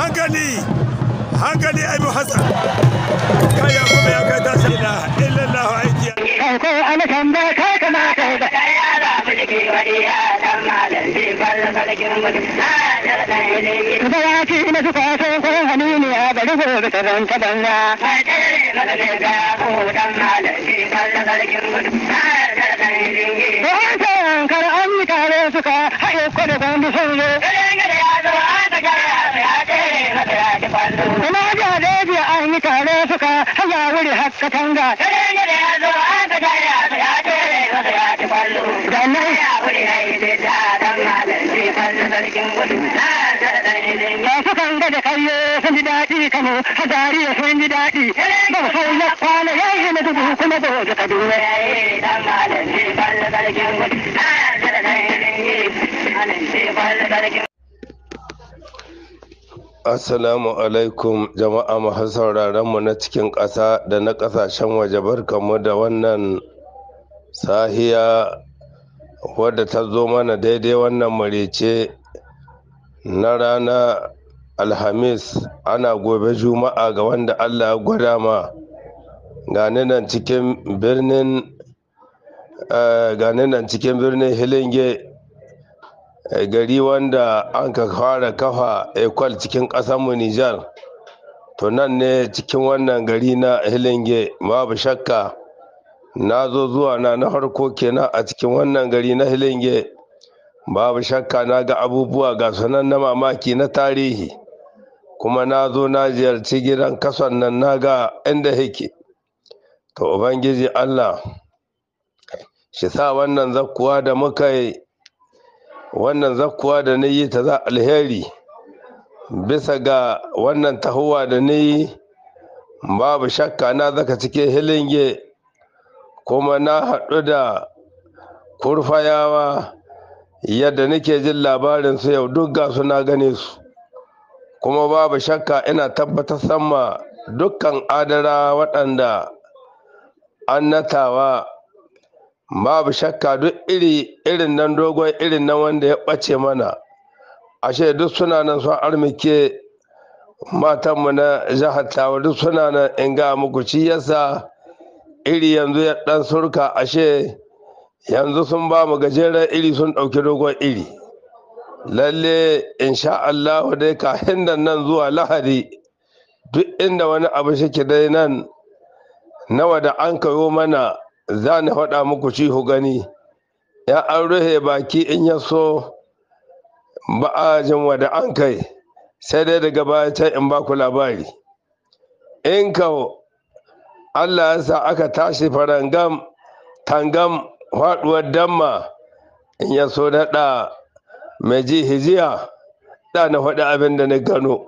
hankali hankali abu hassan kaya kuma ya kai tashi na illallah aiki ko alkan da kai kama da kai ala bijiki wa iya dan malan ji balla sarkin mutum na da dan ilimi ko ya ce ina suka so ko ne a da rufe da taran ta banza kai da ne ga ko dan malan ji balla sarkin mutum na da dan ilimi ko an kar an mi kare suka haye ko da ban bi katanga. Katanga da ya zo an ka tare a ya tore masa ya ci kwallo. Da ya na yi ta dan malam sai Masu kanga da kauye sun ji daɗi Kano, Hadari sun ji daɗi. Ba su ya kwana ya yi na dubu kuma ba su Kaduna. Ya yi dan malam sai kwallo sarkin gudu. Na ta dan ilimi. Anan sai kwallo sarkin Assalamu alaikum jama'a masu sauraron mu na cikin ƙasa da na ƙasashen waje barkanmu da wannan sahiya wadda ta zo mana daidai wannan marece na rana alhamis ana gobe juma'a ga wanda Allah ya gwada ma gani nan cikin birnin uh, nan cikin birnin hilinge gari wanda an ka fara kafa ekwal cikin mu Nijar. To nan ne cikin wannan gari na Hilinge babu shakka na zo zuwa na na harko kenan a cikin wannan gari na Hilinge babu shakka na ga abubuwa ga sanan na mamaki na tarihi kuma na zo na ziyarci gidan kasan nan na ga inda yake. To Ubangiji Allah shi sa wannan zakkuwa da muka yi wannan zakkuwa da na yi ta za alheri bisa ga wannan tahowa da na yi babu shakka na zaka cike hilinge kuma na haɗu da kurfayawa yadda nake jin labarin su yau duk ga na gane su kuma babu shakka ina tabbatar sama dukkan adara waɗanda annatawa babu shakka duk iri irin nan dogon irin nan wanda ya ɓace mana ashe duk suna nan sun armike matanmu na jihar tawa duk suna nan in ga muku ci yasa iri yanzu ya ɗan surka ashe yanzu sun ba mu gajeren iri sun ɗauki dogon iri lalle insha Allah dai ka hindan nan zuwa lahadi duk inda wani abu shike dai nan nawa da an kayo mana za ni faɗa muku shi ku gani ya an rufe baki in ya so ba a jin wada an kai sai dai daga baya can in ba ku labari in ka Allah ya sa aka tashi farangam tangam faɗuwar damma in ya so ɗa mai ji hijiya ɗa na faɗi abin da na gano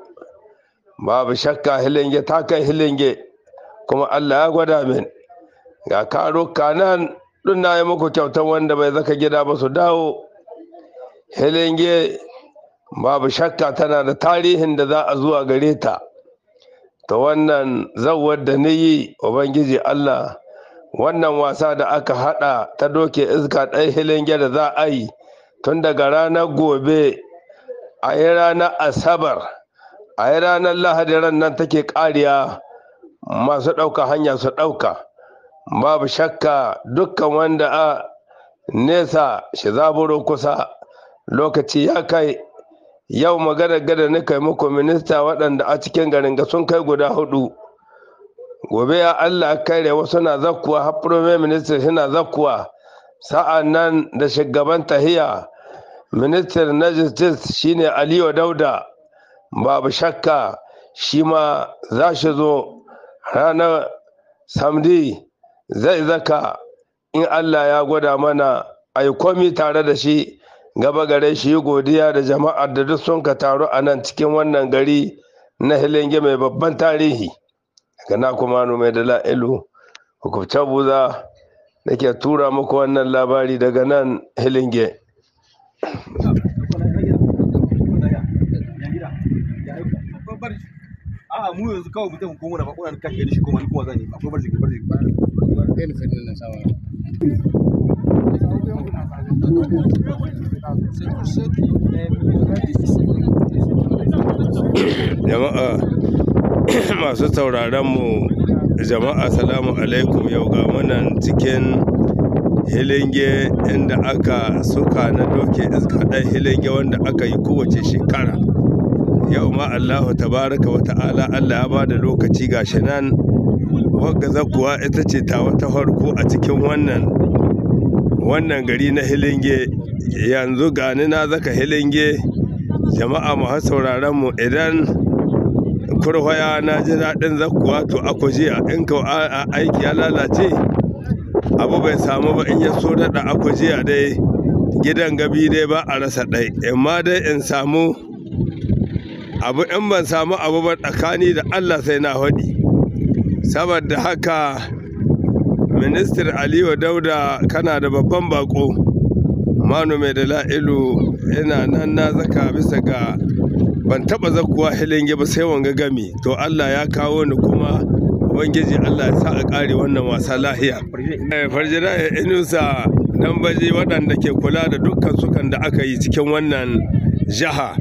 babu shakka hilinge ta kai hilinge kuma Allah ya gwada min ga karuka nan ɗin na yi muku kyautan wanda bai zaka gida ba su dawo helenge babu shakka tana da tarihin da za a zuwa gare ta ta wannan zawar da na yi ubangiji allah wannan wasa da aka hada ta doke iska ɗai helenge da za a yi tun daga ranar gobe a yi ranar asabar a yi ranar lahadi ran nan take kariya, masu ɗauka hanya su ɗauka babu shakka dukkan wanda a nesa shi zaburo kusa lokaci ya kai yau magana gada na kai muku minista waɗanda a cikin garin ga sun kai guda hudu gobe ya allah kare wasu na zakkuwa har minista suna zakuwa sa'an nan da shugaban tahiya ministan na justice shine aliyu dauda babu shakka shi ma za shi zo ranar samdi zai zaka in Allah ya gwada mana yi komi tare da shi gaba gare shi yi godiya da jama'ar da duk sun ka taru a nan cikin wannan gari na hilinge mai babban tarihi daga na kuma mai da la'ilu hukumta buza da ke tura muku wannan labari daga nan hilinge a mu yanzu kawai mutum kuma wani bakon kan gari shi kuma ni kuma zan yi akwai barjiki barjiki Jama'a masu sauraron mu jama'a salamu alaikum yau ga munan cikin hilinge inda aka suka na doke iska ɗan hilinge wanda aka yi kowace shekara yau ma allahu tabaraka wa ta'ala allah ya ba da lokaci gashi nan waggaza kuwa ita ce ta wata farko a cikin wannan wannan gari na hilinge yanzu gani na zaka hilinge jama'a mu sauraron mu idan kurhwaya na ji daɗin zakuwa to a kujiya in ka aiki ya lalace abu bai samu ba in ya so daɗa a kujiya dai gidan gabi dai ba a rasa ɗai amma dai in samu abu in ban samu abu ba tsakani da allah sai na haɗi saboda haka ministir aliyu dauda kana da babban bako manu mai Ilu yana nan na zaka bisa ga ban taba zakuwa hilinge ba sai wanga gami to allah ya kawo ni kuma ubangiji allah ya sa a kare wannan wasa lahiya eh, farjira ya inusa dan baje waɗanda ke kula da dukkan sukan da aka yi cikin wannan jiha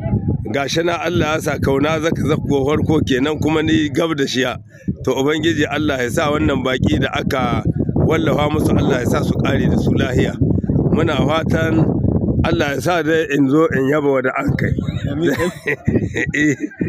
gashi na allah ya sa kauna zaka zakuwa farko kenan kuma ni gab da shiya to ubangiji Allah ya sa wannan baki da aka wallafa musu Allah ya sa su kare da su lahiya muna fatan Allah ya sa dai in zo in yaba wa da an kai